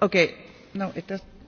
okay no it does